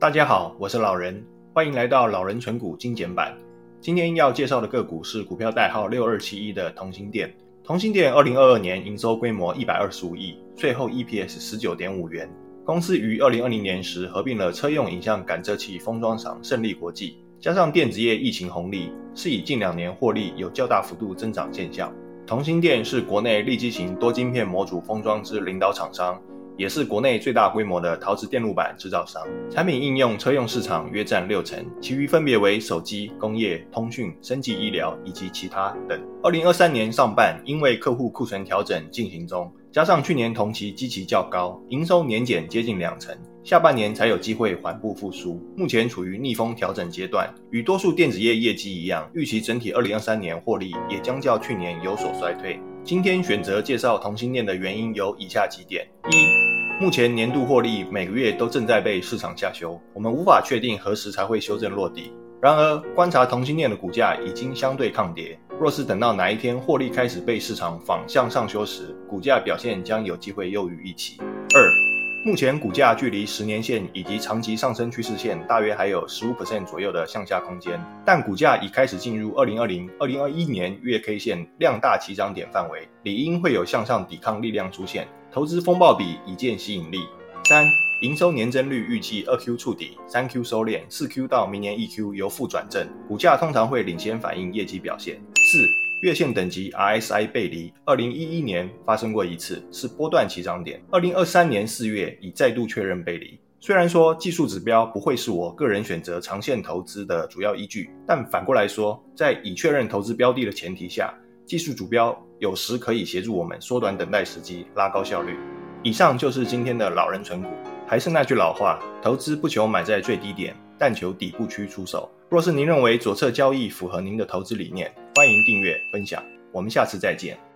大家好，我是老人，歡迎來到老人存股精簡版。今天要介紹的個股是股票代號六二七一的同欣電。同欣電二零二二年營收規模一百二十五億，稅後 EPS 十九點五元。公司於二零二零年時合併了車用影像感測器封裝廠勝麗國際，加上電子業疫情紅利，是以近兩年獲利有較大幅度增長現象。同欣電是國內利基型多晶片模組封裝之領導廠商。也是國內最大規模的陶瓷電路板製造商，產品應用車用市場約占六成，其餘分別為手機、工業、通訊、升級、醫療以及其他等。二零二三年上半，因為客戶庫存調整進行中，加上去年同期基期較高，營收年減接近兩成。下半年才有機會緩步復甦，目前處於逆風調整階段，與多數電子業業績一樣，預期整體二零二三年獲利也將較去年有所衰退。今天選擇介紹同欣電的原因有以下幾點：一、目前年度獲利每個月都正在被市場下修，我們無法確定何時才會修正落底。然而，觀察同欣電的股價已經相對抗跌，若是等到哪一天獲利開始被市場反向上修時，股價表現將有機會優於預期。二。目前股價距離十年線以及長期上升趨勢線大約還有十五 percent 左右的向下空間，但股價已開始進入二零二零、二零二一年月 K 線量大起漲點範圍，理應會有向上抵抗力量出現，投資風暴比已見吸引力。三，營收年增率預計二 Q 觸底，三 Q 收斂，四 Q 到明年一 Q 由負轉正，股價通常會領先反映業績表現。四月線等級 RSI 背離，二零一一年發生過一次，是波段起漲點。二零二三年四月已再度確認背離。雖然說技術指標不會是我個人選擇長線投資的主要依據，但反過來說，在已確認投資標的的前提下，技術指標有時可以協助我們縮短等待時機，拉高效率。以上就是今天的老人存股，還是那句老話，投資不求買在最低點。但求底部區出手。若是您認為左側交易符合您的投資理念，歡迎訂閱分享。我們下次再見。